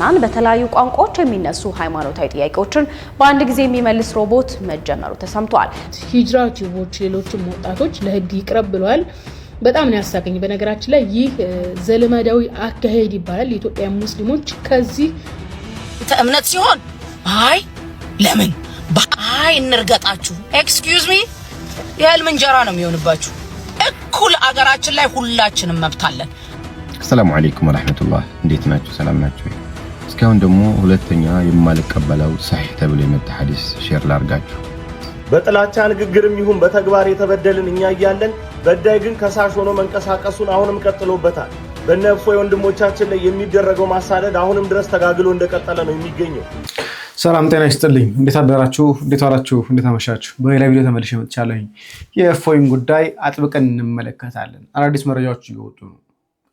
ምዕመናን በተለያዩ ቋንቋዎች የሚነሱ ሃይማኖታዊ ጥያቄዎችን በአንድ ጊዜ የሚመልስ ሮቦት መጀመሩ ተሰምቷል። ሂጅራ ቲዩቦች፣ ሌሎችም ወጣቶች ለህግ ይቅረብ ብለዋል። በጣም ነው በነገራችን ላይ ይህ ዘለመዳዊ አካሄድ ይባላል። የኢትዮጵያ ሙስሊሞች ከዚህ እምነት ሲሆን አይ ለምን በአይ እንርገጣችሁ፣ ኤክስኪዩዝ ሚ የህልም እንጀራ ነው የሚሆንባችሁ። እኩል አገራችን ላይ ሁላችንም መብታለን። አሰላሙ አለይኩም ወረህመቱላህ። እንዴት ናችሁ? ሰላም ናችሁ? እስካሁን ደግሞ ሁለተኛ የማልቀበለው ሳሒህ ተብሎ የመጣ ሐዲስ ሼር ላርጋችሁ። በጥላቻ ንግግርም ይሁን በተግባር የተበደልን እኛ እያለን በዳይ ግን ከሳሽ ሆኖ መንቀሳቀሱን አሁንም ቀጥሎበታል። በነፎ የወንድሞቻችን ወንድሞቻችን ላይ የሚደረገው ማሳደድ አሁንም ድረስ ተጋግሎ እንደቀጠለ ነው የሚገኘው። ሰላም ጤና ይስጥልኝ። እንዴት አደራችሁ? እንዴት ዋላችሁ? እንዴት አመሻችሁ? በሌላ ቪዲዮ ተመልሼ መጥቻለሁኝ። የእፎይን ጉዳይ አጥብቀን እንመለከታለን። አዳዲስ መረጃዎች እየወጡ ነው።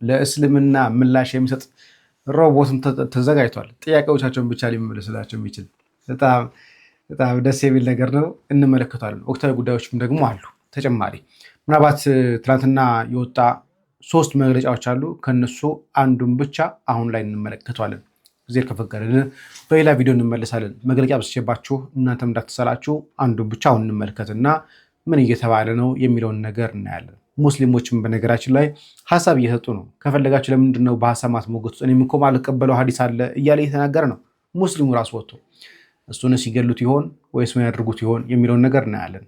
ለእስልምና ምላሽ የሚሰጥ ሮቦትም ተዘጋጅቷል። ጥያቄዎቻቸውን ብቻ ሊመልስላቸው የሚችል በጣም ደስ የሚል ነገር ነው። እንመለከቷለን። ወቅታዊ ጉዳዮችም ደግሞ አሉ። ተጨማሪ ምናልባት ትናንትና የወጣ ሶስት መግለጫዎች አሉ። ከነሱ አንዱን ብቻ አሁን ላይ እንመለከቷለን። ጊዜ ከፈቀደልን በሌላ ቪዲዮ እንመለሳለን። መግለጫ ብስቼባችሁ እናንተም እንዳትሰላችሁ አንዱን ብቻ አሁን እንመልከትና ምን እየተባለ ነው የሚለውን ነገር እናያለን። ሙስሊሞችም በነገራችን ላይ ሀሳብ እየሰጡ ነው። ከፈለጋችሁ ለምንድን ነው በሀሳብ ማስሞገት ውስጥ እኔም እኮ ማልቀበለው ሀዲስ አለ እያለ እየተናገረ ነው ሙስሊሙ ራሱ ወጥቶ። እሱን ሲገሉት ይሆን ወይስ ምን ያድርጉት ይሆን የሚለውን ነገር እናያለን።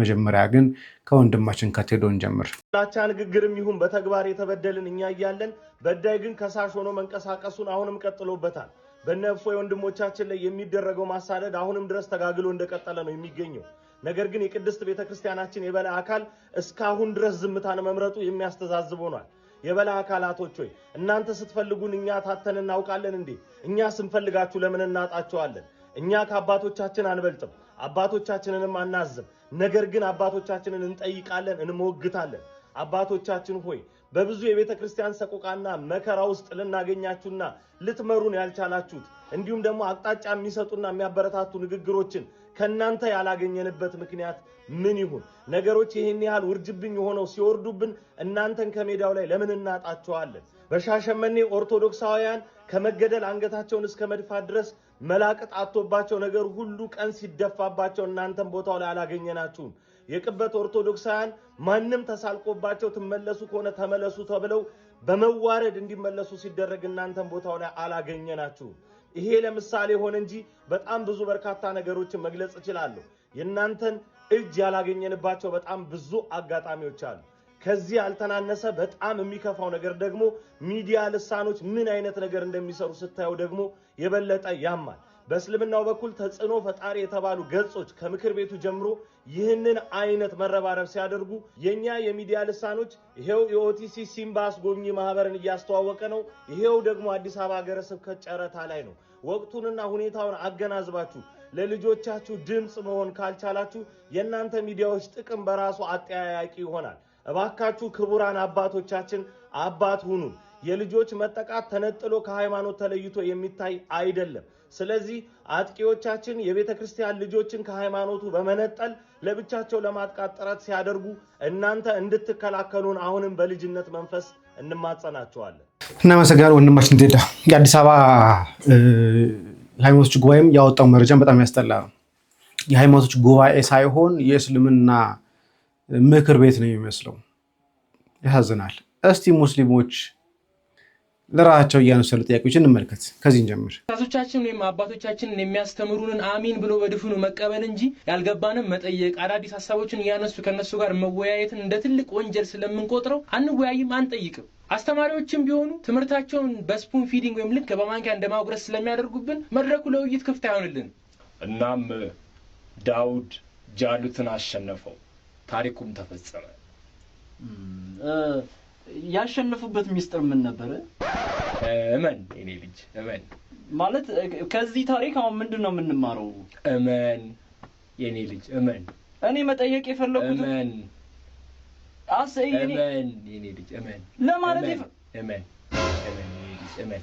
መጀመሪያ ግን ከወንድማችን ከቴዶን ጀምር። ላቻ ንግግርም ይሁን በተግባር የተበደልን እኛ እያለን በዳይ ግን ከሳሽ ሆኖ መንቀሳቀሱን አሁንም ቀጥሎበታል። በነፎ ወንድሞቻችን ላይ የሚደረገው ማሳደድ አሁንም ድረስ ተጋግሎ እንደቀጠለ ነው የሚገኘው። ነገር ግን የቅድስት ቤተ ክርስቲያናችን የበላይ አካል እስካሁን ድረስ ዝምታን መምረጡ የሚያስተዛዝብ ሆኗል። የበላይ አካላቶች ሆይ እናንተ ስትፈልጉን እኛ ታተን እናውቃለን እንዴ? እኛ ስንፈልጋችሁ ለምን እናጣቸዋለን? እኛ ከአባቶቻችን አንበልጥም፣ አባቶቻችንንም አናዝም። ነገር ግን አባቶቻችንን እንጠይቃለን፣ እንሞግታለን። አባቶቻችን ሆይ በብዙ የቤተ ክርስቲያን ሰቆቃና መከራ ውስጥ ልናገኛችሁና ልትመሩን ያልቻላችሁት እንዲሁም ደግሞ አቅጣጫ የሚሰጡና የሚያበረታቱ ንግግሮችን ከእናንተ ያላገኘንበት ምክንያት ምን ይሁን? ነገሮች ይህን ያህል ውርጅብኝ ሆነው ሲወርዱብን እናንተን ከሜዳው ላይ ለምን እናጣቸዋለን? በሻሸመኔ ኦርቶዶክሳውያን ከመገደል አንገታቸውን እስከ መድፋት ድረስ መላቅጥ አቶባቸው ነገር ሁሉ ቀን ሲደፋባቸው እናንተን ቦታው ላይ አላገኘናችሁም። የቅበት ኦርቶዶክሳውያን ማንም ተሳልቆባቸው ትመለሱ ከሆነ ተመለሱ ተብለው በመዋረድ እንዲመለሱ ሲደረግ እናንተን ቦታው ላይ አላገኘናችሁም። ይሄ ለምሳሌ ሆነ እንጂ በጣም ብዙ በርካታ ነገሮችን መግለጽ እችላለሁ። የእናንተን እጅ ያላገኘንባቸው በጣም ብዙ አጋጣሚዎች አሉ። ከዚህ ያልተናነሰ በጣም የሚከፋው ነገር ደግሞ ሚዲያ ልሳኖች ምን አይነት ነገር እንደሚሰሩ ስታየው ደግሞ የበለጠ ያማል። በእስልምናው በኩል ተጽዕኖ ፈጣሪ የተባሉ ገጾች ከምክር ቤቱ ጀምሮ ይህንን አይነት መረባረብ ሲያደርጉ የእኛ የሚዲያ ልሳኖች ይሄው የኦቲሲ ሲምባ አስጎብኚ ማህበርን እያስተዋወቀ ነው፣ ይሄው ደግሞ አዲስ አበባ ሀገረ ስብከት ጨረታ ላይ ነው። ወቅቱንና ሁኔታውን አገናዝባችሁ ለልጆቻችሁ ድምፅ መሆን ካልቻላችሁ የእናንተ ሚዲያዎች ጥቅም በራሱ አጠያያቂ ይሆናል። እባካችሁ ክቡራን አባቶቻችን አባት ሁኑን። የልጆች መጠቃት ተነጥሎ ከሃይማኖት ተለይቶ የሚታይ አይደለም። ስለዚህ አጥቂዎቻችን የቤተ ክርስቲያን ልጆችን ከሃይማኖቱ በመነጠል ለብቻቸው ለማጥቃት ጥረት ሲያደርጉ እናንተ እንድትከላከሉን አሁንም በልጅነት መንፈስ እንማጸናቸዋለን። እናመሰግናለን ወንድማችን ዴዳ። የአዲስ አበባ የሃይማኖቶች ጉባኤም ያወጣው መረጃን በጣም ያስጠላ ነው። የሃይማኖቶች ጉባኤ ሳይሆን የእስልምና ምክር ቤት ነው የሚመስለው። ያሳዝናል። እስቲ ሙስሊሞች ለራሳቸው እያነሰሉ ጥያቄዎችን እንመልከት። ከዚህ ጀምር ራሶቻችን ወይም አባቶቻችንን የሚያስተምሩንን አሚን ብሎ በድፍኑ መቀበል እንጂ ያልገባንም መጠየቅ፣ አዳዲስ ሀሳቦችን እያነሱ ከነሱ ጋር መወያየትን እንደ ትልቅ ወንጀል ስለምንቆጥረው አንወያይም፣ አንጠይቅም። አስተማሪዎችም ቢሆኑ ትምህርታቸውን በስፑን ፊዲንግ ወይም ልክ በማንኪያ እንደማጉረስ ስለሚያደርጉብን መድረኩ ለውይይት ክፍት አይሆንልን። እናም ዳውድ ጃሉትን አሸነፈው፣ ታሪኩም ተፈጸመ። ያሸነፉበት ሚስጥር ምን ነበረ? እመን እኔ ልጅ እመን። ማለት ከዚህ ታሪክ አሁን ምንድን ነው የምንማረው? እመን የኔ ልጅ እመን። እኔ መጠየቅ የፈለኩት እመን አሰይ እመን የኔ ልጅ እመን ለማለት እመን እመን የኔ ልጅ እመን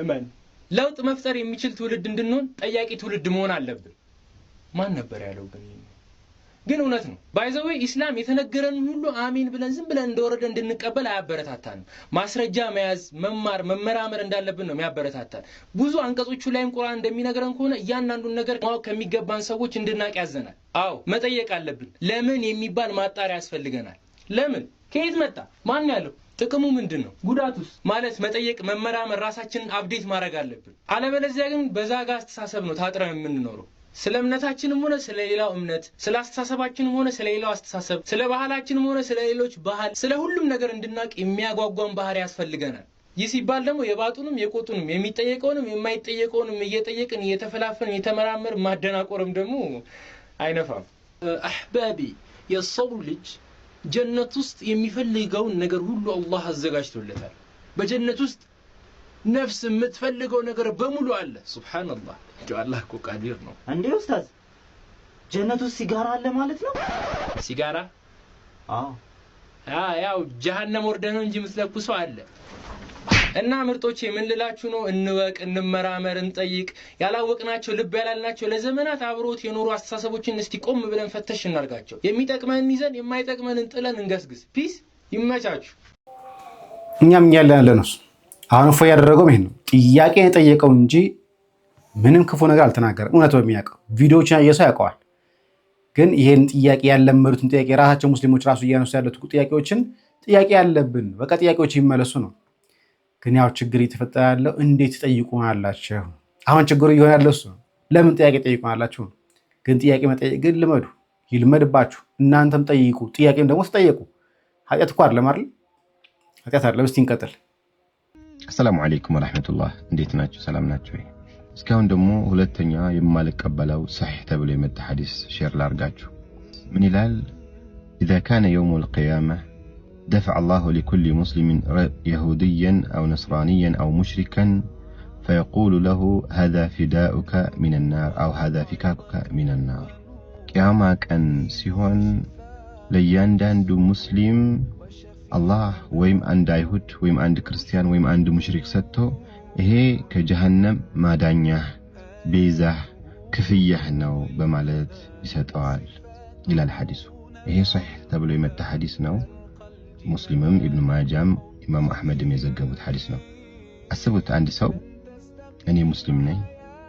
እመን ለውጥ መፍጠር የሚችል ትውልድ እንድንሆን ጠያቂ ትውልድ መሆን አለብን። ማን ነበር ያለው ግን? ግን እውነት ነው። ባይዘዌ ኢስላም የተነገረንን ሁሉ አሚን ብለን ዝም ብለን እንደወረደ እንድንቀበል አያበረታታንም። ማስረጃ መያዝ፣ መማር፣ መመራመር እንዳለብን ነው የሚያበረታታን። ብዙ አንቀጾቹ ላይም ቁርአን እንደሚነግረን ከሆነ እያንዳንዱን ነገር ማወቅ ከሚገባን ሰዎች እንድናቅ ያዘናል። አዎ መጠየቅ አለብን። ለምን የሚባል ማጣሪያ ያስፈልገናል። ለምን ከየት መጣ? ማን ያለው? ጥቅሙ ምንድን ነው? ጉዳቱስ? ማለት መጠየቅ፣ መመራመር፣ ራሳችንን አብዴት ማድረግ አለብን። አለበለዚያ ግን በዛጋ አስተሳሰብ ነው ታጥረን የምንኖረው። ስለ እምነታችንም ሆነ ስለ ሌላው እምነት፣ ስለ አስተሳሰባችንም ሆነ ስለ ሌላው አስተሳሰብ፣ ስለ ባህላችንም ሆነ ስለ ሌሎች ባህል፣ ስለ ሁሉም ነገር እንድናውቅ የሚያጓጓን ባህሪ ያስፈልገናል። ይህ ሲባል ደግሞ የባጡንም የቆጡንም የሚጠየቀውንም የማይጠየቀውንም እየጠየቅን እየተፈላፈን እየተመራመር ማደናቆርም ደግሞ አይነፋም። አህባቢ የሰው ልጅ ጀነት ውስጥ የሚፈልገውን ነገር ሁሉ አላህ አዘጋጅቶለታል። በጀነት ውስጥ ነፍስ የምትፈልገው ነገር በሙሉ አለ። ሱብሓነላህ እንጂ አላህ እኮ ቃዲር ነው። እንዴ ኡስታዝ፣ ጀነት ሲጋራ አለ ማለት ነው? ሲጋራ? አዎ፣ ያው ጀሀነም ወርደህ ነው እንጂ የምትለኩሰው አለ። እና ምርጦቼ ምን ነው? እንወቅ፣ እንመራመር፣ እንጠይቅ። ያላወቅናቸው ልብ ያላልናቸው ለዘመናት አብሮት የኖሩ አስተሳሰቦችን እስቲ ቆም ብለን ፈተሽ እናርጋቸው። የሚጠቅመን ይዘን የማይጠቅመንን ጥለን እንገስግስ። ፒስ ይመቻችሁ። እኛም እያለን ያለ ነው አሁን እፎይ ያደረገው ይሄን ነው። ጥያቄ የጠየቀው እንጂ ምንም ክፉ ነገር አልተናገረም። እውነት በሚያውቀው ቪዲዮዎችን የሰው ያውቀዋል። ግን ይሄን ጥያቄ ያለመዱትን ጥያቄ ራሳቸው ሙስሊሞች ራሱ እያነሱ ያሉት ጥያቄዎችን ጥያቄ ያለብን በቃ ጥያቄዎች ይመለሱ ነው። ግን ያው ችግር እየተፈጠረ ያለው እንዴት ጠይቁ አላቸው። አሁን ችግሩ እየሆነ ያለው እሱ ለምን ጥያቄ ጠይቁ አላቸው። ግን ጥያቄ መጠየቅ ግን ልመዱ፣ ይልመድባችሁ። እናንተም ጠይቁ፣ ጥያቄም ደግሞ ስጠየቁ ኃጢአት እኮ አይደለም አይደል? ኃጢአት አይደለም። እስቲ እንቀጥል። ሰላም ዓለይኩም ወረሕመቱላህ እንዴት ናችሁ? ሰላም ናችሁ ወይ? እስካሁን ደግሞ ሁለተኛ የማልቀበለው ሰሒሕ ተብሎ የመጣ ሐዲስ ሼር ላርጋችሁ። ምን ይላል? ኢዛ ካነ የውም ልቅያማ ደፈዐ አላሁ ሊኩሊ ሙስሊሚን የሁድያን አው ነስራንያን አው ሙሽሪከን ፈየቁሉ ለሁ ሃዛ ፊዳኡከ ሚንናር አው ሃዛ ፊካኩከ ሚንናር። ቅያማ ቀን ሲሆን ለእያንዳንዱ ሙስሊም አላህ ወይም አንድ አይሁድ ወይም አንድ ክርስቲያን ወይም አንድ ሙሽሪክ ሰጥቶ ይሄ ከጀሃነም ማዳኛህ፣ ቤዛህ፣ ክፍያህ ነው በማለት ይሰጠዋል ይላል ሐዲሱ። ይሄ ሰሒሕ ተብሎ የመጣ ሐዲስ ነው። ሙስሊምም ኢብኑ ማጃም ኢማም አሕመድም የዘገቡት ሐዲስ ነው። አስቡት፣ አንድ ሰው እኔ ሙስሊም ነኝ፣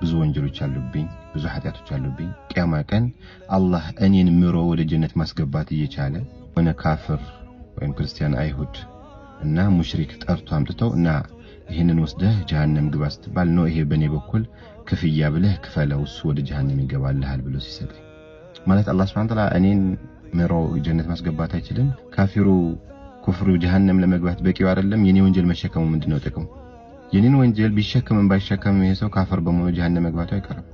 ብዙ ወንጀሎች አሉብኝ፣ ብዙ ኃጢአቶች አሉብኝ። ቅያማ ቀን አላህ እኔን ምሮ ወደ ጀነት ማስገባት እየቻለ ሆነ ካፍር ወይም ክርስቲያን አይሁድ እና ሙሽሪክ ጠርቶ አምጥተው እና ይህንን ወስደህ ጀሃነም ግባ ስትባል ነው ይሄ በእኔ በኩል ክፍያ ብለህ ክፈለው እሱ ወደ ጀሃነም ይገባልሃል ብሎ ሲሰጥ ማለት አላህ ስብሐነ ወተዓላ እኔን ምሮ ጀነት ማስገባት አይችልም። ካፊሩ ኩፍሩ ጀሃነም ለመግባት በቂው አይደለም። የኔ ወንጀል መሸከሙ ምንድነው ጥቅሙ? የኔን ወንጀል ቢሸከምም ባይሸከምም ይሄ ሰው ካፈር በመሆኑ ጀሃነም መግባቱ አይቀርም።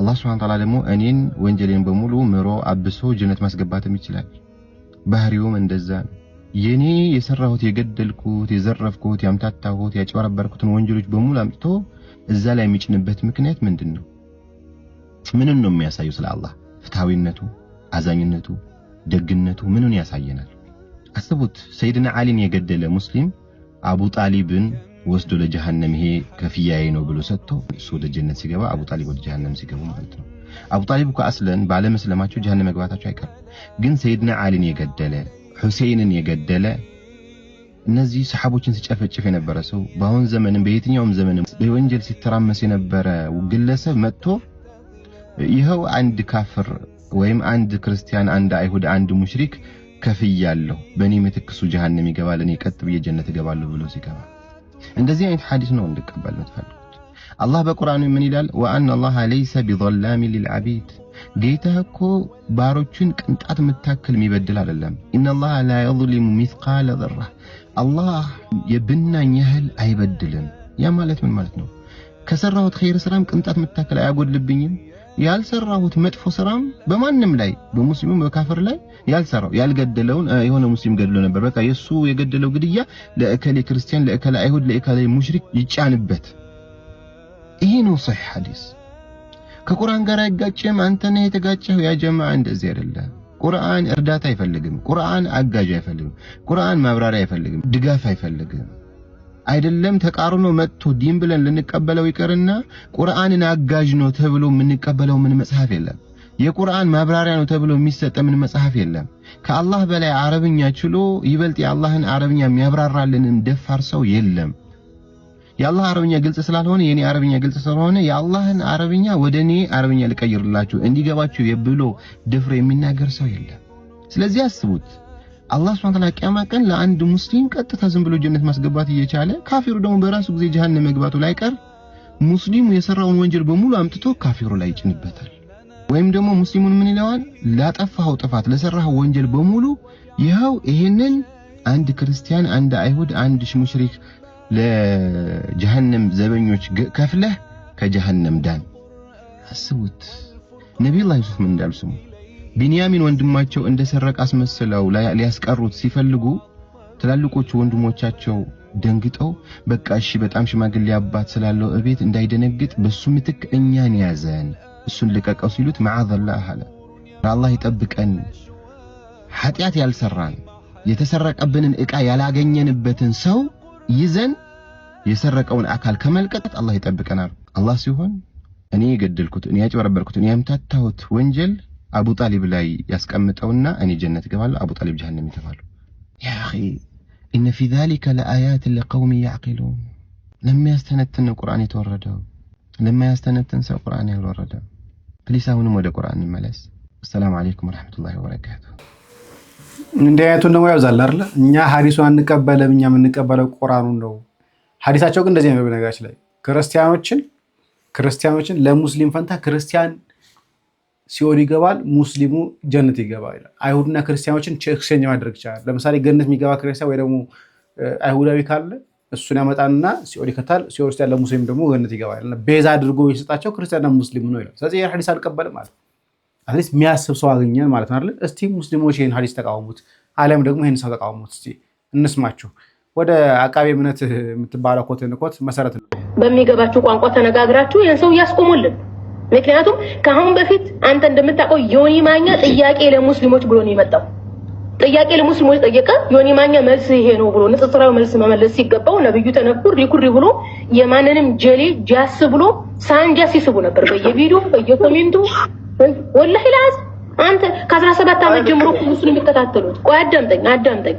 አላህ ስብሐነ ወተዓላ ደግሞ እኔን ወንጀሌን በሙሉ ምሮ አብሶ ጀነት ማስገባትም ይችላል። ባህሪውም እንደዛ ነው። የኔ የሰራሁት የገደልኩት፣ የዘረፍኩት፣ ያምታታሁት፣ ያጨበረበርኩትን ወንጀሎች በሙሉ አምጥቶ እዛ ላይ የሚጭንበት ምክንያት ምንድን ነው? ምንን ነው የሚያሳየው? ስለ አላህ ፍትሐዊነቱ፣ አዛኝነቱ፣ ደግነቱ ምንን ያሳየናል? አስቡት፣ ሰይድና ዓሊን የገደለ ሙስሊም አቡ ጣሊብን ወስዶ ለጀሃነም ይሄ ከፍያዬ ነው ብሎ ሰጥቶ እሱ ወደ ጀነት ሲገባ አቡ ጣሊብ ወደ ጀሃነም ሲገቡ ማለት ነው። አቡጣሊብ እኮ አስለን ባለመስለማቸው ጀሃነም መግባታቸው አይቀርም። ግን ሰይድና አሊን የገደለ ሁሴይንን የገደለ እነዚህ ሰሓቦችን ሲጨፈጭፍ የነበረ ሰው በአሁን ዘመንም በየትኛውም ዘመንም በወንጀል ሲተራመስ የነበረ ግለሰብ መጥቶ ይኸው አንድ ካፍር ወይም አንድ ክርስቲያን፣ አንድ አይሁድ፣ አንድ ሙሽሪክ ከፍያለሁ በእኔ ምትክሱ ጀሃነም ይገባል፣ እኔ ቀጥ ብዬ ጀነት እገባለሁ ብሎ ሲገባ እንደዚህ አይነት ሐዲስ ነው እንድቀበል ምትፈልግ አላህ በቁርአኑ ምን ይላል? ወአን አላህ ለይሰ ቢዘላሚ ሊልዓቢድ ጌታ እኮ ባሮቹን ቅንጣት ምታክል የሚበድል አይደለም። ኢነላህ ላ የዝሊሙ ሚስቃለ ዘራ አላህ የብናኝ ያህል አይበድልም። ያ ማለት ምን ማለት ነው? ከሰራሁት ኸይር ስራም ቅንጣት ምታክል አያጎድልብኝም። ያልሰራሁት መጥፎ ስራም በማንም ላይ በሙስሊሙም በካፍር ላይ ያልሰራው ያልገደለውን የሆነ ሙስሊም ገድሎ ነበር፣ በቃ የሱ የገደለው ግድያ ለእከሌ ክርስቲያን፣ ለእከሌ አይሁድ፣ ለእከሌ ሙሽሪክ ይጫንበት ይሄ ነው ሰሒህ ሐዲስ። ከቁርአን ጋር አይጋጭም። አንተ ነህ የተጋጨኸው። ያ ጀማዓ እንደዚህ አይደለም። ቁርአን እርዳታ አይፈልግም። ቁርአን አጋዥ አይፈልግም። ቁርአን ማብራሪያ አይፈልግም። ድጋፍ አይፈልግም። አይደለም ተቃርኖ መጥቶ ዲን ብለን ልንቀበለው ይቅርና ቁርአንን አጋዥ ነው ተብሎ የምንቀበለው ምን መጽሐፍ የለም። የቁርአን ማብራሪያ ነው ተብሎ የሚሰጠ ምን መጽሐፍ የለም። ከአላህ በላይ አረብኛ ችሎ ይበልጥ የአላህን አረብኛ የሚያብራራልንም ደፋር ሰው የለም። የአላህ አረብኛ ግልጽ ስላልሆነ የኔ አረብኛ ግልጽ ስለሆነ የአላህን አረብኛ ወደ እኔ አረብኛ ልቀይርላችሁ እንዲገባችሁ ብሎ ድፍሮ የሚናገር ሰው የለም። ስለዚህ አስቡት አላህ ሱብሓነሁ ወተዓላ ቂያማ ቀን ለአንድ ሙስሊም ቀጥታ ዝም ብሎ ጀነት ማስገባት እየቻለ ካፊሩ ደግሞ በራሱ ጊዜ ጀሃነም መግባቱ ላይቀር ሙስሊሙ የሰራውን ወንጀል በሙሉ አምጥቶ ካፊሩ ላይ ይጭንበታል። ወይም ደግሞ ሙስሊሙን ምን ይለዋል? ላጠፋኸው ጥፋት ለሰራኸው ወንጀል በሙሉ ይኸው ይሄንን አንድ ክርስቲያን፣ አንድ አይሁድ፣ አንድ ሙሽሪክ ለጀሃነም ዘበኞች ከፍለህ ከጀሃነም ዳን። አስቡት ነቢዩላህ ዩሱፍ ምን እንዳሉ ስሙ። ቢንያሚን ወንድማቸው እንደ ሰረቀ አስመስለው ሊያስቀሩት ሲፈልጉ ትላልቆቹ ወንድሞቻቸው ደንግጠው በቃ እሺ፣ በጣም ሽማግሌ አባት ስላለው እቤት እንዳይደነግጥ በሱ ምትክ እኛን ያዘን እሱን ልቀቀው ሲሉት መዓዘላህ አለ። አላህ ይጠብቀን፣ ኃጢአት ያልሰራን የተሰረቀብንን ዕቃ ያላገኘንበትን ሰው يزن يسرقون أكل كمل قطت الله يتبك أنا الله سيهون أني قد الكت أني أجي ورب الكت أني أمتت وانجل أبو طالب لا يسك أمتونا أني جنة قبل أبو طالب جهنم يتفعل يا أخي إن في ذلك لآيات لقوم يعقلون لما يستند يستنتن القرآن يتوردوا لما يستنتن سوى القرآن يتوردوا فليس هنا مودة القرآن الملس السلام عليكم ورحمة الله وبركاته እንዲህ አይነቱን ደግሞ ያብዛል አይደለ? እኛ ሀዲሱን አንቀበልም። እኛ የምንቀበለው ቁራኑ ነው። ሀዲሳቸው ግን እንደዚህ ነው። በነገራችን ላይ ክርስቲያኖችን ክርስቲያኖችን ለሙስሊም ፈንታ ክርስቲያን ሲኦል ይገባል፣ ሙስሊሙ ጀነት ይገባል ይላል። አይሁድና ክርስቲያኖችን ኤክስቼንጅ ማድረግ ይቻላል። ለምሳሌ ገነት የሚገባ ክርስቲያን ወይ ደግሞ አይሁዳዊ ካለ እሱን ያመጣንና ሲኦል ይከታል። ሲኦል ውስጥ ያለ ሙስሊም ደግሞ ገነት ይገባል። ቤዛ አድርጎ የሰጣቸው ክርስቲያንና ሙስሊም ነው ይላል። ስለዚህ ሀዲስ አልቀበልም ማለት አትሊስት የሚያስብ ሰው አገኘን ማለት ነው እስቲ ሙስሊሞች ይህን ሀዲስ ተቃውሙት፣ አለም ደግሞ ይህን ሰው ተቃውሙት፣ እስቲ እንስማችሁ። ወደ አቃቤ እምነት የምትባለው ኮት ንኮት መሰረት ነው። በሚገባችሁ ቋንቋ ተነጋግራችሁ ይህን ሰው እያስቆሙልን። ምክንያቱም ከአሁን በፊት አንተ እንደምታውቀው ዮኒ ማኛ ጥያቄ ለሙስሊሞች ብሎ ነው የመጣው። ጥያቄ ለሙስሊሞች ጠየቀ። ዮኒ ማኛ መልስ ይሄ ነው ብሎ ንጽጽራዊ መልስ መመለስ ሲገባው ነብዩ ተነኩር ሪኩሪ ብሎ የማንንም ጀሌ ጃስ ብሎ ሳንጃ ሲስቡ ነበር በየቪዲዮ በየኮሜንቱ ወላሂ ለአዝ አንተ ከአስራ ሰባት ዓመት ጀምሮ ሙስሊም የሚከታተሉት ቆይ አዳምጠኝ አዳምጠኝ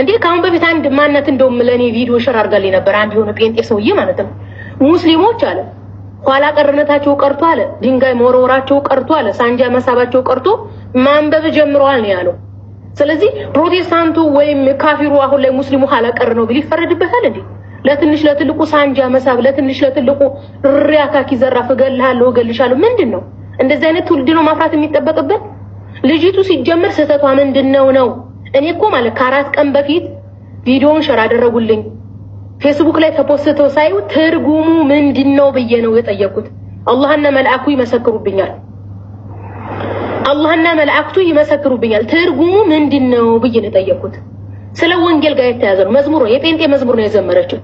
እንዴ ከአሁን በፊት አንድ ማነት እንደውም ለእኔ ቪዲዮ ሸር አድርጋልኝ ነበር አንድ የሆነ ጴንጤ ሰውዬ ማለት ነው ሙስሊሞች አለ ኋላ ቀርነታቸው ቀርቶ አለ ድንጋይ መወርወራቸው ቀርቶ አለ ሳንጃ መሳባቸው ቀርቶ ማንበብ ጀምረዋል ነው ያለው ስለዚህ ፕሮቴስታንቱ ወይም ካፊሩ አሁን ላይ ሙስሊሙ ኋላ ቀር ነው ቢል ይፈረድበታል እንዴ ለትንሽ ለትልቁ ሳንጃ መሳብ ለትንሽ ለትልቁ ሪያካኪ ዘራፍ እገልሃለሁ እገልሻለሁ ምንድን ነው እንደዚህ አይነት ትውልድ ነው ማፍራት የሚጠበቅበት። ልጅቱ ሲጀመር ስህተቷ ምንድን ነው ነው? እኔ እኮ ማለት ከአራት ቀን በፊት ቪዲዮውን ሸር አደረጉልኝ ፌስቡክ ላይ ተፖስተው ሳይው ትርጉሙ ምንድን ነው ብዬ ነው የጠየኩት። አላህና መልአኩ ይመሰክሩብኛል። አላህና መልአክቱ ይመሰክሩብኛል። ትርጉሙ ምንድን ነው ብዬ ነው የጠየኩት። ስለ ወንጌል ጋር የተያዘ ነው መዝሙር ነው፣ የጴንጤ መዝሙር ነው የዘመረችው።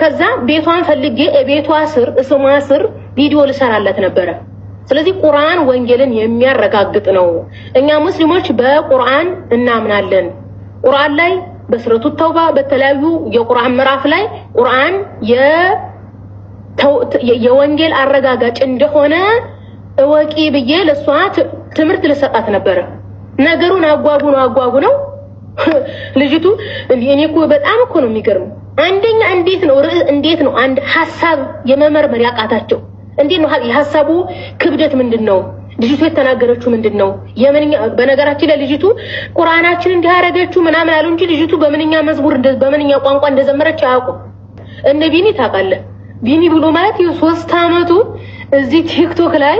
ከዛ ቤቷን ፈልጌ ቤቷ ስር ስሟ ስር ቪዲዮ ልሰራለት ነበረ። ስለዚህ ቁርአን ወንጌልን የሚያረጋግጥ ነው። እኛ ሙስሊሞች በቁርአን እናምናለን። ቁርአን ላይ በሱረቱ ተውባ በተለያዩ የቁርአን ምዕራፍ ላይ ቁርአን የወንጌል አረጋጋጭ እንደሆነ እወቂ ብዬ ለእሷ ትምህርት ልሰጣት ነበረ። ነገሩን አጓጉ ነው አጓጉ ነው ልጅቱ እኔ እኮ በጣም እኮ ነው የሚገርመው። አንደኛ እንዴት ነው ርዕስ እንዴት ነው አንድ ሀሳብ የመመርመር ያቃታቸው እንዴት ነው የሀሳቡ ክብደት ምንድን ነው? ልጅቱ የተናገረችው ምንድን ነው? የምንኛ በነገራችን ላይ ልጅቱ ቁርአናችን እንዲያረገችው ምናምን አሉ እንጂ ልጅቱ በምንኛ መዝሙር በምንኛ ቋንቋ እንደዘመረች አያውቁም። እነ ቢኒ ታውቃለህ፣ ቢኒ ብሎ ማለት የሶስት አመቱ እዚህ ቲክቶክ ላይ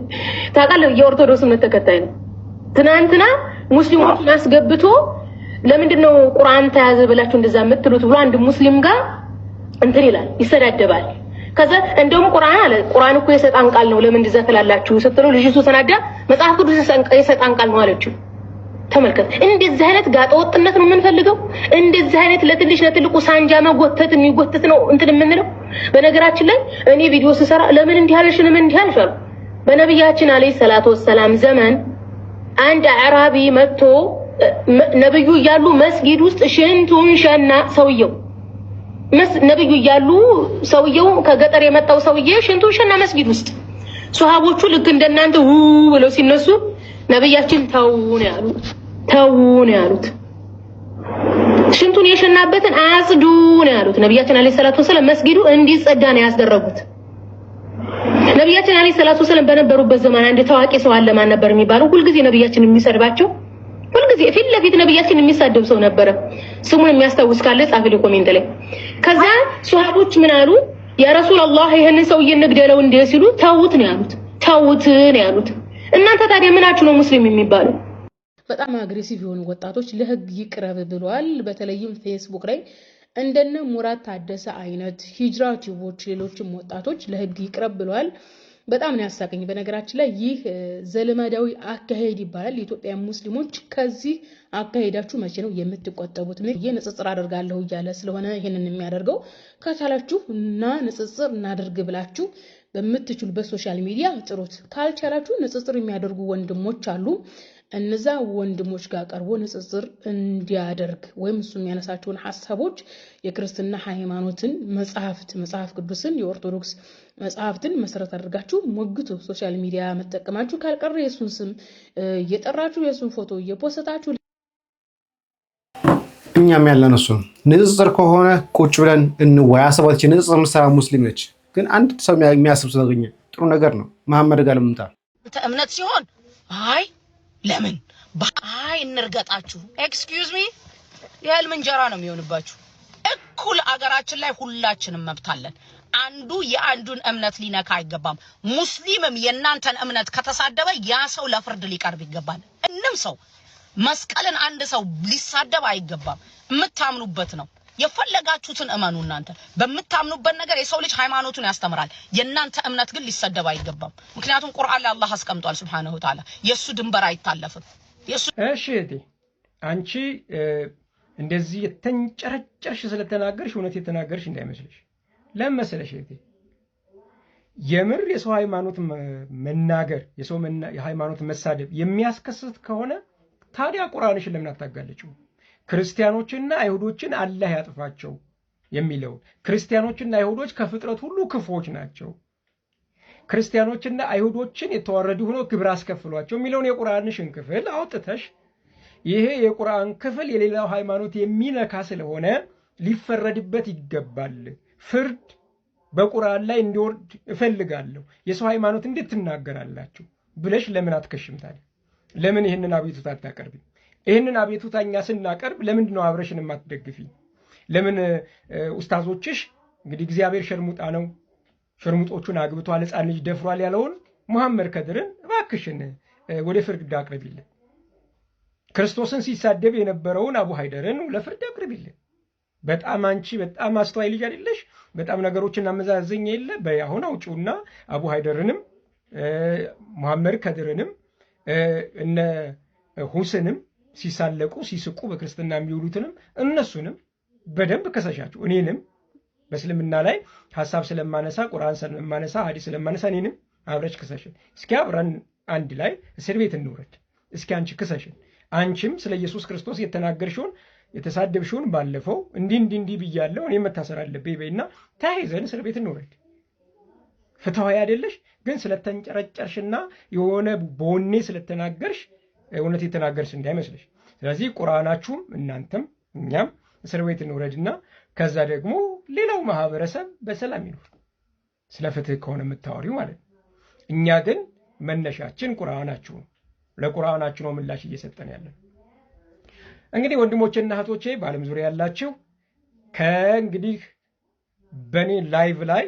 ታውቃለህ፣ የኦርቶዶክስ እምነት ተከታይ ነው። ትናንትና ሙስሊሞችን አስገብቶ ለምንድን ነው ቁርአን ተያዘ ብላችሁ እንደዛ የምትሉት ብሎ አንድ ሙስሊም ጋር እንትን ይላል፣ ይሰዳደባል። ከዛ እንደውም ቁርአን አለ ቁርአን እኮ የሰይጣን ቃል ነው ለምን እንደዛ ስትለው ልጅቱ ተናዳ መጽሐፍ ቅዱስ የሰይጣን ቃል ነው አለችው። ተመልከት፣ እንደዚህ አይነት ጋጠ ወጥነት ነው የምንፈልገው። እንደዚህ አይነት ለትንሽ ለትልቁ ሳንጃ መጎተት የሚጎተት ነው እንትን የምንለው። በነገራችን ላይ እኔ ቪዲዮ ስሰራ ለምን እንዲህ አለሽ ለምን እንዲህ አለሽ አሉ። በነቢያችን ሰላቱ ወሰላም ዘመን አንድ አዕራቢ መጥቶ ነብዩ እያሉ መስጊድ ውስጥ ሽንቱን ሸና ሰውየው ነብዩ እያሉ ሰውየው ከገጠር የመጣው ሰውዬ ሽንቱ ሸና መስጊድ ውስጥ ሱሐቦቹ ልክ እንደናንተ ው ብለው ሲነሱ ነብያችን ተው ነው ተው ነው ያሉት። ሽንቱን የሸናበትን አጽዱ ነው ያሉት። ነብያችን አለይሂ ሰላቱ ወሰለም መስጊዱ እንዲጸዳ ነው ያስደረጉት። ነብያችን አለይሂ ሰላቱ ወሰለም በነበሩበት ዘመን አንድ ታዋቂ ሰው አለ። ማን ነበር የሚባለው? ሁልጊዜ ነብያችን የሚሰድባቸው ሁልጊዜ ፊት ለፊት ነብያችን የሚሳደብ ሰው ነበረ። ስሙን የሚያስታውስ ካለ ጻፍልኝ ኮሜንት ላይ። ከዛ ሱሐቦች ምን አሉ? ያ ረሱላህ አላህ ሰው ሰውዬ እንደ ሲሉ ተውት ነው ያሉት። ተውት ነው ያሉት። እናንተ ታዲያ ምናችሁ ነው ሙስሊም የሚባሉ? በጣም አግሬሲቭ የሆኑ ወጣቶች ለህግ ይቅረብ ብለዋል። በተለይም ፌስቡክ ላይ እንደነ ሙራት ታደሰ አይነት ሂጅራ ቲቦች፣ ሌሎችም ወጣቶች ለህግ ይቅረብ ብለዋል። በጣም ነው ያሳቀኝ። በነገራችን ላይ ይህ ዘለመዳዊ አካሄድ ይባላል። የኢትዮጵያ ሙስሊሞች ከዚህ አካሄዳችሁ መቼ ነው የምትቆጠቡት? ምን ይሄ ንጽጽር አደርጋለሁ እያለ ስለሆነ ይህንን የሚያደርገው ከቻላችሁ እና ንጽጽር እናደርግ ብላችሁ በምትችሉ በሶሻል ሚዲያ ጥሩት። ካልቻላችሁ ንጽጽር የሚያደርጉ ወንድሞች አሉ እነዛ ወንድሞች ጋር ቀርቦ ንጽጽር እንዲያደርግ ወይም እሱ የሚያነሳቸውን ሀሳቦች የክርስትና ሃይማኖትን መጽሐፍት መጽሐፍ ቅዱስን የኦርቶዶክስ መጽሐፍትን መሰረት አድርጋችሁ ሞግቱ። ሶሻል ሚዲያ መጠቀማችሁ ካልቀረ የእሱን ስም እየጠራችሁ የእሱን ፎቶ እየፖሰታችሁ እኛም ያለን እሱ ንጽጽር ከሆነ ቁጭ ብለን እንወያ ሰባች ንጽጽር ምሰራ ሙስሊም ነች። ግን አንድ ሰው የሚያስብ ስለገኘ ጥሩ ነገር ነው። መሐመድ ጋር ልምምታ እምነት ሲሆን አይ ለምን በአይ እንርገጣችሁ። ኤክስኪዩዝ ሚ የህልም እንጀራ ነው የሚሆንባችሁ። እኩል አገራችን ላይ ሁላችንም መብት አለን። አንዱ የአንዱን እምነት ሊነካ አይገባም። ሙስሊምም የእናንተን እምነት ከተሳደበ ያ ሰው ለፍርድ ሊቀርብ ይገባል። እንም ሰው መስቀልን አንድ ሰው ሊሳደብ አይገባም። የምታምኑበት ነው። የፈለጋችሁትን እመኑ። እናንተ በምታምኑበት ነገር የሰው ልጅ ሃይማኖቱን ያስተምራል። የእናንተ እምነት ግን ሊሰደብ አይገባም። ምክንያቱም ቁርአን ላይ አላህ አስቀምጧል ስብሓነሁ ወተዓላ የእሱ ድንበር አይታለፍም። እሺ እህቴ አንቺ እንደዚህ የተንጨረጨርሽ ስለተናገርሽ እውነት የተናገርሽ እንዳይመስልሽ። ለምን መሰለሽ እህቴ የምር የሰው ሃይማኖት መናገር የሰው ሃይማኖት መሳደብ የሚያስከስት ከሆነ ታዲያ ቁርአንሽን ለምን አታጋለጭው? ክርስቲያኖችና አይሁዶችን አላህ ያጥፋቸው የሚለውን ክርስቲያኖችና አይሁዶች ከፍጥረት ሁሉ ክፎች ናቸው፣ ክርስቲያኖችና አይሁዶችን የተዋረዱ ሆኖ ግብር አስከፍሏቸው የሚለውን የቁርአንሽን ክፍል አውጥተሽ ይሄ የቁርአን ክፍል የሌላው ሃይማኖት የሚነካ ስለሆነ ሊፈረድበት ይገባል፣ ፍርድ በቁርአን ላይ እንዲወርድ እፈልጋለሁ፣ የሰው ሃይማኖት እንዴት ትናገራላችሁ ብለሽ ለምን አትከሽምታል? ለምን ይህንን አቤቱታ አታቀርቢም? ይህንን አቤቱታኛ ስናቀርብ ለምንድ ነው አብረሽን የማትደግፊ? ለምን ኡስታዞችሽ እንግዲህ እግዚአብሔር ሸርሙጣ ነው፣ ሸርሙጦቹን አግብቷል፣ ህፃን ልጅ ደፍሯል ያለውን መሐመድ ከድርን እባክሽን ወደ ፍርድ አቅርቢልን። ክርስቶስን ሲሳደብ የነበረውን አቡ ሀይደርን ለፍርድ አቅርቢልን። በጣም አንቺ በጣም አስተዋይ ልጅ አይደለሽ? በጣም ነገሮችን አመዛዘኝ የለ በያሁን አውጪውና አቡ ሀይደርንም መሐመድ ከድርንም እነ ሁስንም ሲሳለቁ ሲስቁ በክርስትና የሚውሉትንም እነሱንም በደንብ ከሰሻቸው እኔንም በእስልምና ላይ ሀሳብ ስለማነሳ ቁርአን ስለማነሳ ሀዲስ ስለማነሳ እኔንም አብረች ክሰሽን። እስኪ አብረን አንድ ላይ እስር ቤት እንውረድ። እስኪ አንቺ ክሰሽን፣ አንቺም ስለ ኢየሱስ ክርስቶስ የተናገርሽውን የተሳደብሽውን ባለፈው እንዲህ እንዲህ እንዲህ ብያለሁ እኔ መታሰር አለብኝ በይና ተያይዘን እስር ቤት እንውረድ። ፍትሐዊ አይደለሽ ግን ስለተንጨረጨርሽና የሆነ በወኔ ስለተናገርሽ እውነት የተናገርሽ እንዳይመስልሽ። ስለዚህ ቁርአናችሁም እናንተም እኛም እስር ቤት እንውረድና ከዛ ደግሞ ሌላው ማህበረሰብ በሰላም ይኖር። ስለ ፍትህ ከሆነ የምታወሪው ማለት ነው። እኛ ግን መነሻችን ቁርአናችሁ ነው። ለቁርአናችሁ ነው ምላሽ እየሰጠን ያለን። እንግዲህ ወንድሞቼና እህቶቼ በዓለም ዙሪያ ያላችሁ ከእንግዲህ በእኔ ላይቭ ላይ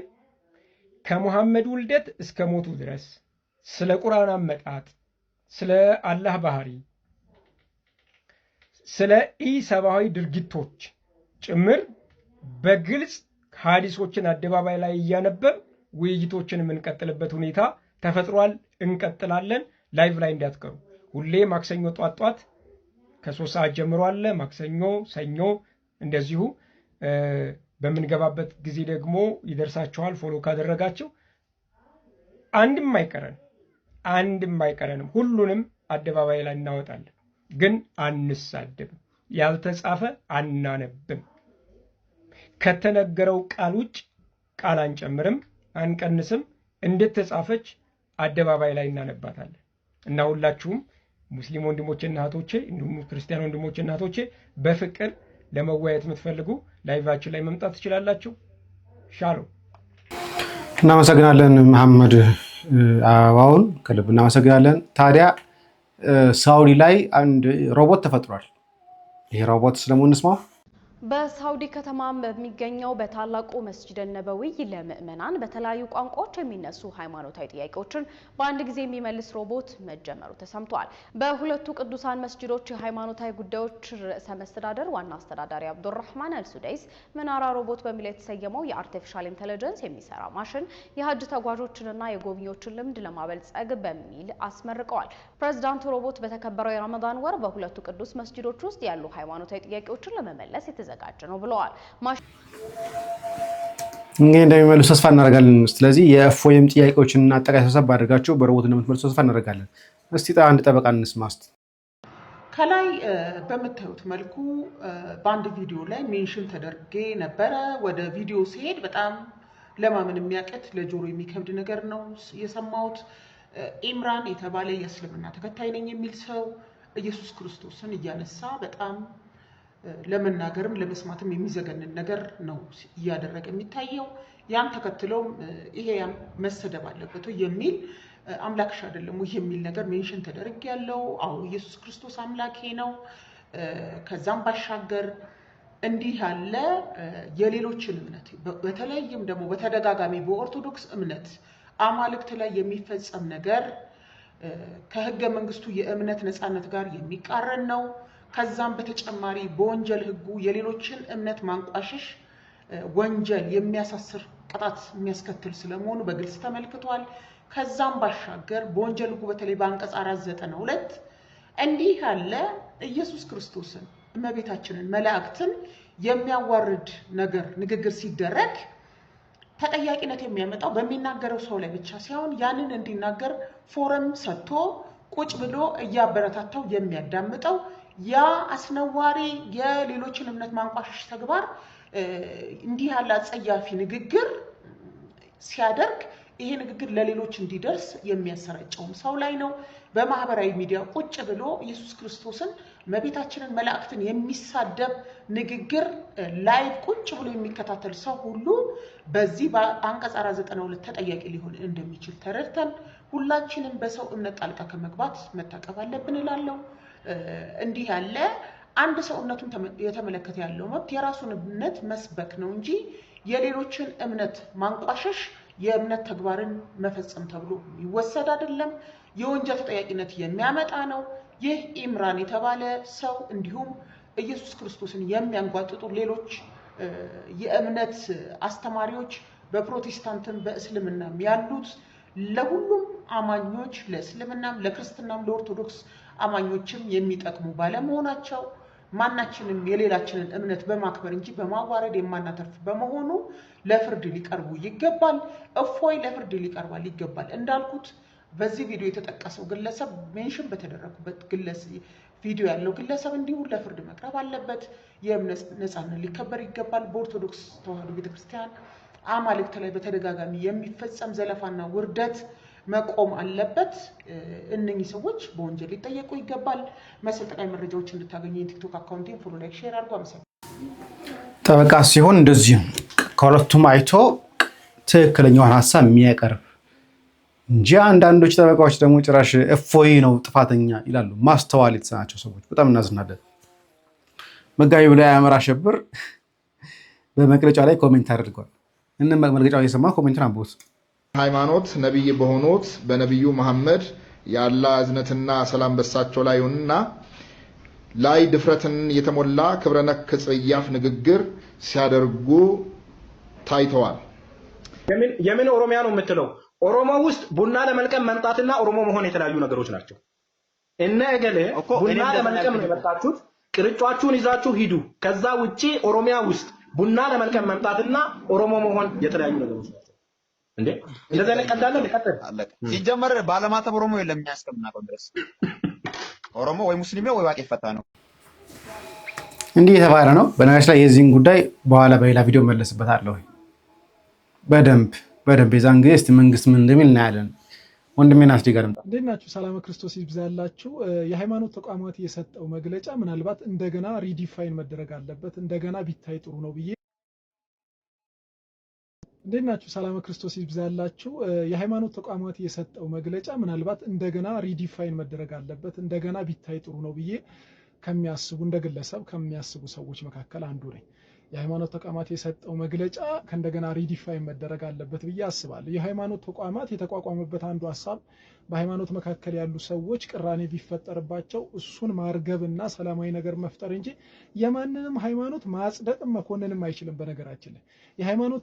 ከሙሐመድ ውልደት እስከ ሞቱ ድረስ ስለ ቁርአን አመጣጥ ስለ አላህ ባህሪ፣ ስለ ሰብአዊ ድርጊቶች ጭምር በግልጽ ሀዲሶችን አደባባይ ላይ እያነበብ ውይይቶችን የምንቀጥልበት ሁኔታ ተፈጥሯል። እንቀጥላለን። ላይቭ ላይ እንዳትቀሩ። ሁሌ ማክሰኞ ጧት ጧት ከሶስት ሰዓት ጀምሮ አለ። ማክሰኞ፣ ሰኞ እንደዚሁ በምንገባበት ጊዜ ደግሞ ይደርሳቸዋል። ፎሎ ካደረጋችሁ አንድም አይቀረን። አንድም አይቀረንም። ሁሉንም አደባባይ ላይ እናወጣለን። ግን አንሳደብም፣ ያልተጻፈ አናነብም፣ ከተነገረው ቃል ውጭ ቃል አንጨምርም፣ አንቀንስም። እንደተጻፈች አደባባይ ላይ እናነባታለን እና ሁላችሁም ሙስሊም ወንድሞች እህቶቼ እንዲሁም ክርስቲያን ወንድሞች እህቶቼ በፍቅር ለመወያየት የምትፈልጉ ላይቫችን ላይ መምጣት ትችላላችሁ። ሻሎ። እናመሰግናለን መሐመድ። አበባውን ከልብ እናመሰግናለን። ታዲያ ሳውዲ ላይ አንድ ሮቦት ተፈጥሯል። ይሄ ሮቦት ስለመሆን እንስማው። በሳውዲ ከተማ በሚገኘው በታላቁ መስጂድ ነበዊ ለምእመናን በተለያዩ ቋንቋዎች የሚነሱ ሃይማኖታዊ ጥያቄዎችን በአንድ ጊዜ የሚመልስ ሮቦት መጀመሩ ተሰምቷል። በሁለቱ ቅዱሳን መስጂዶች የሃይማኖታዊ ጉዳዮች ርዕሰ መስተዳደር ዋና አስተዳዳሪ አብዱራህማን አልሱደይስ መናራ ሮቦት በሚል የተሰየመው የአርቲፊሻል ኢንቴሊጀንስ የሚሰራ ማሽን የሀጅ ተጓዦችንና የጎብኚዎችን ልምድ ለማበልጸግ በሚል አስመርቀዋል። ፕሬዚዳንቱ ሮቦት በተከበረው የረመዳን ወር በሁለቱ ቅዱስ መስጂዶች ውስጥ ያሉ ሃይማኖታዊ ጥያቄዎችን ለመመለስ እየተዘጋጀ ነው ብለዋል። እንግዲህ እንደሚመልሱ ተስፋ እናደርጋለን። ስለዚህ የእፎይም ጥያቄዎችንና አጠቃላይ ሰብሰብ አድርጋችሁ በሮቦት እንደምትመልሱ ተስፋ እናደርጋለን። እስቲ አንድ ጠበቃ እንስማ እስቲ። ከላይ በምታዩት መልኩ በአንድ ቪዲዮ ላይ ሜንሽን ተደርጌ ነበረ። ወደ ቪዲዮ ሲሄድ በጣም ለማመን የሚያቀት ለጆሮ የሚከብድ ነገር ነው የሰማሁት። ኢምራን የተባለ የእስልምና ተከታይ ነኝ የሚል ሰው ኢየሱስ ክርስቶስን እያነሳ በጣም ለመናገርም ለመስማትም የሚዘገንን ነገር ነው እያደረገ የሚታየው። ያን ተከትለውም ይሄ መሰደብ አለበት የሚል አምላክሽ አይደለም ወይ የሚል ነገር ሜንሽን ተደርግ ያለው። አዎ ኢየሱስ ክርስቶስ አምላኬ ነው። ከዛም ባሻገር እንዲህ ያለ የሌሎችን እምነት በተለይም ደግሞ በተደጋጋሚ በኦርቶዶክስ እምነት አማልክት ላይ የሚፈጸም ነገር ከህገ መንግስቱ የእምነት ነፃነት ጋር የሚቃረን ነው። ከዛም በተጨማሪ በወንጀል ህጉ የሌሎችን እምነት ማንቋሸሽ ወንጀል የሚያሳስር ቅጣት የሚያስከትል ስለመሆኑ በግልጽ ተመልክቷል። ከዛም ባሻገር በወንጀል ህጉ በተለይ በአንቀጽ አራት ዘጠና ሁለት እንዲህ ያለ ኢየሱስ ክርስቶስን እመቤታችንን መላእክትን የሚያዋርድ ነገር ንግግር ሲደረግ ተጠያቂነት የሚያመጣው በሚናገረው ሰው ላይ ብቻ ሳይሆን ያንን እንዲናገር ፎረም ሰጥቶ ቁጭ ብሎ እያበረታታው የሚያዳምጠው ያ አስነዋሪ የሌሎችን እምነት ማንቋሸሽ ተግባር እንዲህ ያለ አጸያፊ ንግግር ሲያደርግ ይሄ ንግግር ለሌሎች እንዲደርስ የሚያሰራጨውም ሰው ላይ ነው። በማህበራዊ ሚዲያ ቁጭ ብሎ ኢየሱስ ክርስቶስን መቤታችንን፣ መላእክትን የሚሳደብ ንግግር ላይ ቁጭ ብሎ የሚከታተል ሰው ሁሉ በዚህ በአንቀጽ 492 ተጠያቂ ሊሆን እንደሚችል ተረድተን ሁላችንም በሰው እምነት ጣልቃ ከመግባት መታቀብ አለብን እላለሁ። እንዲህ ያለ አንድ ሰው እምነቱን የተመለከተ ያለው መብት የራሱን እምነት መስበክ ነው እንጂ የሌሎችን እምነት ማንቋሸሽ የእምነት ተግባርን መፈጸም ተብሎ ይወሰድ አይደለም። የወንጀል ተጠያቂነት የሚያመጣ ነው። ይህ ኢምራን የተባለ ሰው እንዲሁም ኢየሱስ ክርስቶስን የሚያንጓጥጡ ሌሎች የእምነት አስተማሪዎች በፕሮቴስታንትም በእስልምናም ያሉት ለሁሉም አማኞች ለእስልምናም ለክርስትናም ለኦርቶዶክስ አማኞችም የሚጠቅሙ ባለመሆናቸው ማናችንም የሌላችንን እምነት በማክበር እንጂ በማዋረድ የማናተርፍ በመሆኑ ለፍርድ ሊቀርቡ ይገባል። እፎይ ለፍርድ ሊቀርባል ይገባል። እንዳልኩት በዚህ ቪዲዮ የተጠቀሰው ግለሰብ ሜንሽን በተደረጉበት ግለሰብ ቪዲዮ ያለው ግለሰብ እንዲሁ ለፍርድ መቅረብ አለበት። የእምነት ነጻነት ሊከበር ይገባል። በኦርቶዶክስ ተዋህዶ ቤተክርስቲያን አማልክት ላይ በተደጋጋሚ የሚፈጸም ዘለፋና ውርደት መቆም አለበት። እነኚህ ሰዎች በወንጀል ሊጠየቁ ይገባል። መሰል ጠቃሚ መረጃዎች እንድታገኙ የቲክቶክ አካውንቴን ፎሎ፣ ላይክ፣ ሼር አድርጎ ጠበቃ ሲሆን እንደዚህ ከሁለቱም አይቶ ትክክለኛውን ሀሳብ የሚያቀርብ እንጂ አንዳንዶች ጠበቃዎች ደግሞ ጭራሽ እፎይ ነው ጥፋተኛ ይላሉ። ማስተዋል የተሰናቸው ሰዎች በጣም እናዝናለን። መጋቢ ላይ አመራ አሸብር በመግለጫ ላይ ኮሜንት አድርጓል። እነ መግለጫውን የሰማ ኮሜንትን አንብቡት። ሃይማኖት ነቢይ በሆኑት በነቢዩ መሐመድ ያላ እዝነትና ሰላም በሳቸው ላይ ይሁንና ላይ ድፍረትን የተሞላ ክብረነክ ጽያፍ ንግግር ሲያደርጉ ታይተዋል። የምን ኦሮሚያ ነው የምትለው? ኦሮሞ ውስጥ ቡና ለመልቀም መምጣትና ኦሮሞ መሆን የተለያዩ ነገሮች ናቸው። እነ እገሌ ቡና ለመልቀም ነው የመጣችሁት፣ ቅርጫችሁን ይዛችሁ ሂዱ። ከዛ ውጪ ኦሮሚያ ውስጥ ቡና ለመልቀም መምጣትና ኦሮሞ መሆን የተለያዩ ነገሮች ናቸው። እንዴ እንደዛ ላይ ቀልድ አለ። ቀጥል። ሲጀመር ባለማተብ ኦሮሞ የለም። እስከምናውቀው ድረስ ኦሮሞ ወይ ሙስሊም ወይ ዋቄ ፈታ ነው እንዲህ የተባለ ነው። በነገራችን ላይ የዚህን ጉዳይ በኋላ በሌላ ቪዲዮ መለስበታለሁ። በደንብ በደንብ የዛን ጊዜ እስኪ መንግስት ምን እንደሚል እናያለን። ወንድሜን አስዲጋር እንዴት ናችሁ? ሰላም ክርስቶስ ይብዛላችሁ። የሃይማኖት ተቋማት የሰጠው መግለጫ ምናልባት እንደገና ሪዲፋይን መደረግ አለበት፣ እንደገና ቢታይ ጥሩ ነው ብዬ እንዴት ናችሁ? ሰላም ክርስቶስ ይብዛላችሁ። የሃይማኖት ተቋማት የሰጠው መግለጫ ምናልባት እንደገና ሪዲፋይን መደረግ አለበት እንደገና ቢታይ ጥሩ ነው ብዬ ከሚያስቡ እንደ ግለሰብ ከሚያስቡ ሰዎች መካከል አንዱ ነኝ። የሃይማኖት ተቋማት የሰጠው መግለጫ ከእንደገና ሪዲፋይን መደረግ አለበት ብዬ አስባለሁ። የሃይማኖት ተቋማት የተቋቋመበት አንዱ ሀሳብ በሃይማኖት መካከል ያሉ ሰዎች ቅራኔ ቢፈጠርባቸው እሱን ማርገብና ሰላማዊ ነገር መፍጠር እንጂ የማንንም ሃይማኖት ማጽደቅም መኮንንም አይችልም። በነገራችን ላይ የሃይማኖት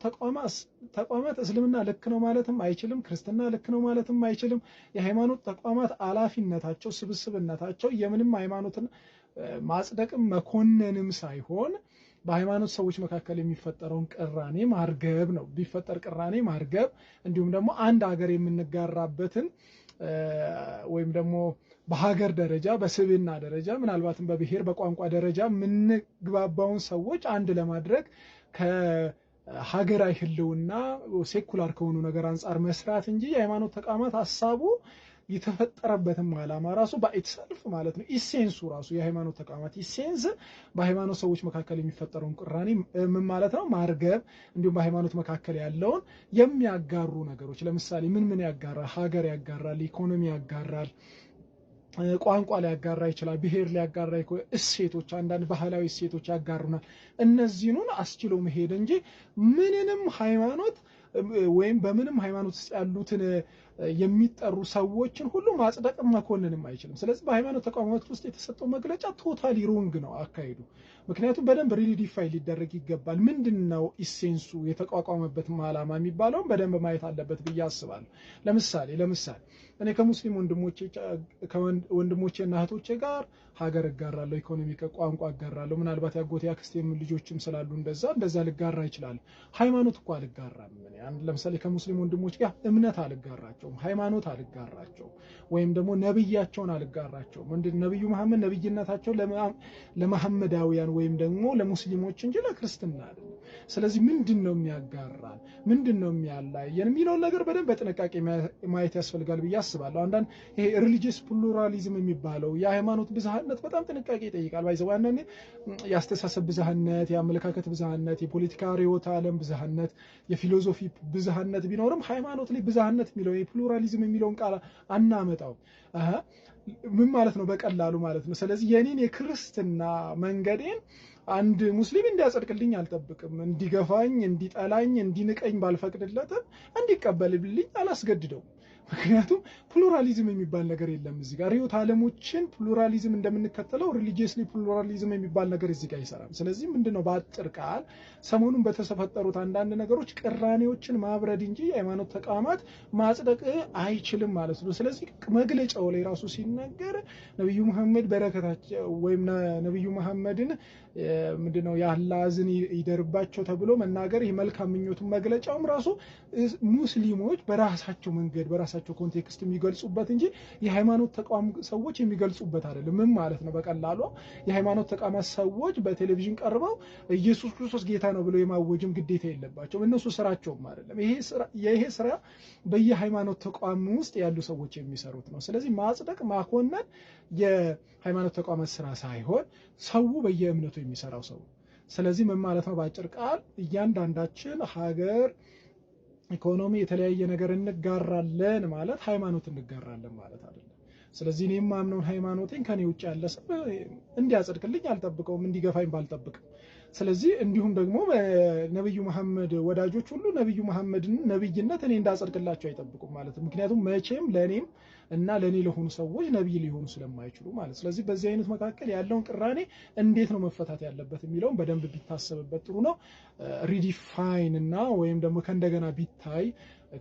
ተቋማት እስልምና ልክ ነው ማለትም አይችልም፣ ክርስትና ልክ ነው ማለትም አይችልም። የሃይማኖት ተቋማት አላፊነታቸው፣ ስብስብነታቸው የምንም ሃይማኖትን ማጽደቅም መኮንንም ሳይሆን በሃይማኖት ሰዎች መካከል የሚፈጠረውን ቅራኔ ማርገብ ነው። ቢፈጠር ቅራኔ ማርገብ እንዲሁም ደግሞ አንድ ሀገር የምንጋራበትን ወይም ደግሞ በሀገር ደረጃ በስብና ደረጃ ምናልባትም በብሔር በቋንቋ ደረጃ የምንግባባውን ሰዎች አንድ ለማድረግ ከሀገራዊ ህልውና ሴኩላር ከሆኑ ነገር አንጻር መስራት እንጂ የሃይማኖት ተቋማት ሀሳቡ የተፈጠረበትም ዓላማ ራሱ በኢትሰልፍ ማለት ነው ኢሴንሱ ራሱ የሃይማኖት ተቋማት ኢሴንስ በሃይማኖት ሰዎች መካከል የሚፈጠረውን ቅራኔ ምን ማለት ነው ማርገብ፣ እንዲሁም በሃይማኖት መካከል ያለውን የሚያጋሩ ነገሮች ለምሳሌ ምን ምን ያጋራል? ሀገር ያጋራል፣ ኢኮኖሚ ያጋራል ቋንቋ ሊያጋራ ይችላል። ብሔር ሊያጋራ እሴቶች፣ አንዳንድ ባህላዊ እሴቶች ያጋሩናል። እነዚህኑን አስችሎ መሄድ እንጂ ምንንም ሃይማኖት ወይም በምንም ሃይማኖት ውስጥ ያሉትን የሚጠሩ ሰዎችን ሁሉ ማጽደቅም መኮንንም አይችልም። ስለዚህ በሃይማኖት ተቋማት ውስጥ የተሰጠው መግለጫ ቶታሊ ሮንግ ነው አካሄዱ። ምክንያቱም በደንብ ሪሊዲፋይ ሊደረግ ይገባል። ምንድን ነው ኢሴንሱ የተቋቋመበትም ዓላማ የሚባለውን በደንብ ማየት አለበት ብዬ አስባለሁ። ለምሳሌ ለምሳሌ እኔ ከሙስሊም ወንድሞቼና እህቶቼ ጋር ሀገር እጋራለሁ፣ ኢኮኖሚ ቋንቋ እጋራለሁ። ምናልባት ያጎቴ ያክስቴም ልጆችም ስላሉ እንደዛ እንደዛ ልጋራ ይችላል። ሃይማኖት እኮ አልጋራም። ለምሳሌ ከሙስሊም ወንድሞች ጋር እምነት አልጋራቸው አልጋራቸውም፣ ሃይማኖት አልጋራቸውም፣ ወይም ደግሞ ነብያቸውን አልጋራቸውም። ምንድን ነብዩ መሐመድ ነብይነታቸው ለመሐመዳውያን ወይም ደግሞ ለሙስሊሞች እንጂ ለክርስትና አይደለም። ስለዚህ ምንድን ነው የሚያጋራን፣ ምንድን ነው የሚያለያየን የሚለውን ነገር በደንብ በጥንቃቄ ማየት ያስፈልጋል ብዬ አስባለሁ። አንዳንድ ይሄ ሪሊጂየስ ፕሉራሊዝም የሚባለው የሃይማኖት ብዝሃነት በጣም ጥንቃቄ ይጠይቃል። ባይዘው አንዳንዴ የአስተሳሰብ ብዝሃነት፣ የአመለካከት ብዝሃነት፣ የፖለቲካ ርዕዮተ ዓለም ብዝሃነት፣ የፊሎዞፊ ብዝሃነት ቢኖርም ሃይማኖት ላይ ብዝሃነት የሚለው ፕሉራሊዝም የሚለውን ቃል አናመጣው። ምን ማለት ነው? በቀላሉ ማለት ነው። ስለዚህ የኔን የክርስትና መንገዴን አንድ ሙስሊም እንዲያጸድቅልኝ አልጠብቅም። እንዲገፋኝ፣ እንዲጠላኝ፣ እንዲንቀኝ ባልፈቅድለትም እንዲቀበልልኝ አላስገድደውም። ምክንያቱም ፕሉራሊዝም የሚባል ነገር የለም እዚህ ጋር ሪዮት ዓለሞችን ፕሉራሊዝም እንደምንከተለው ሪሊጂየስሊ ፕሉራሊዝም የሚባል ነገር እዚህ ጋር አይሰራም። ስለዚህ ምንድነው በአጭር ቃል ሰሞኑን በተፈጠሩት አንዳንድ ነገሮች ቅራኔዎችን ማብረድ እንጂ የሃይማኖት ተቋማት ማጽደቅ አይችልም ማለት ነው። ስለዚህ መግለጫው ላይ ራሱ ሲነገር ነብዩ መሐመድ በረከታቸው ወይም ነብዩ መሐመድን ምንድነው የአላ እዝን ይደርባቸው ተብሎ መናገር ይህ መልካም ምኞቱን መግለጫውም ራሱ ሙስሊሞች በራሳቸው መንገድ በራሳቸው ኮንቴክስት የሚገልጹበት እንጂ የሃይማኖት ተቋም ሰዎች የሚገልጹበት አይደለም። ምን ማለት ነው? በቀላሉ የሃይማኖት ተቋማት ሰዎች በቴሌቪዥን ቀርበው ኢየሱስ ክርስቶስ ጌታ ነው ብለው የማወጅም ግዴታ የለባቸውም። እነሱ ስራቸውም አይደለም። ይሄ ስራ በየሃይማኖት ተቋም ውስጥ ያሉ ሰዎች የሚሰሩት ነው። ስለዚህ ማጽደቅ ማኮነን የሃይማኖት ተቋማት ስራ ሳይሆን ሰው በየእምነቱ የሚሰራው ሰው። ስለዚህ ምን ማለት ነው? በአጭር ቃል እያንዳንዳችን ሀገር፣ ኢኮኖሚ፣ የተለያየ ነገር እንጋራለን ማለት ሃይማኖት እንጋራለን ማለት አይደለም። ስለዚህ እኔ የማምነውን ሃይማኖቴን ከኔ ውጭ ያለ ሰው እንዲያጸድቅልኝ አልጠብቀውም፣ እንዲገፋኝ ባልጠብቅም። ስለዚህ እንዲሁም ደግሞ ነብዩ መሐመድ ወዳጆች ሁሉ ነብዩ መሐመድን ነብይነት እኔ እንዳጸድቅላቸው አይጠብቁም ማለት ነው። ምክንያቱም መቼም ለእኔም እና ለእኔ ለሆኑ ሰዎች ነቢይ ሊሆኑ ስለማይችሉ ማለት። ስለዚህ በዚህ አይነት መካከል ያለውን ቅራኔ እንዴት ነው መፈታት ያለበት የሚለውን በደንብ ቢታሰብበት ጥሩ ነው። ሪዲፋይን እና ወይም ደግሞ ከእንደገና ቢታይ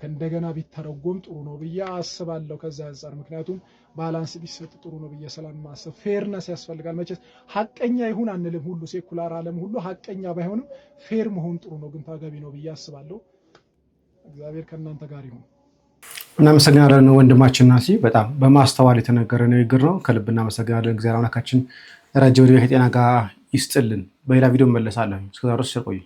ከእንደገና ቢተረጎም ጥሩ ነው ብዬ አስባለሁ። ከዛ አንጻር ምክንያቱም ባላንስ ቢሰጥ ጥሩ ነው ብዬ ማሰብ ፌርነስ ያስፈልጋል። መቼስ ሀቀኛ ይሁን አንልም፣ ሁሉ ሴኩላር ዓለም ሁሉ ሀቀኛ ባይሆንም ፌር መሆን ጥሩ ነው፣ ግን ታገቢ ነው ብዬ አስባለሁ። እግዚአብሔር ከእናንተ ጋር ይሁን። እናመሰግናለን ወንድማችን ናሲ፣ በጣም በማስተዋል የተነገረ ንግግር ነው። ከልብ እናመሰግናለን። እግዚአብሔር አምላካችን ረጅም ዕድሜ ከጤና ጋር ይስጥልን። በሌላ ቪዲዮ መለሳለሁ እስከዛ ድረስ ቆዩ።